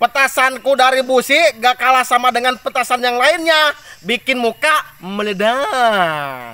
Petasanku dari busi gak kalah sama dengan petasan yang lainnya. Bikin muka meledak.